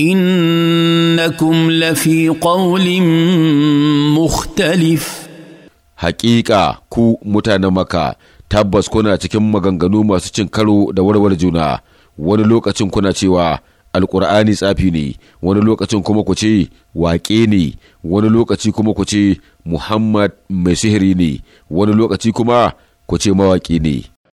إنكم لفي muktalif. Haƙiƙa, ku mutanen متانمكا tabbas kuna cikin maganganu masu cin karo da warware juna wani lokacin kuna cewa alkur'ani tsafi ne wani lokacin kuma ku ce waƙe ne wani lokaci kuma ku ce muhammad mai sihiri ne wani lokaci kuma ku ce mawaƙi ne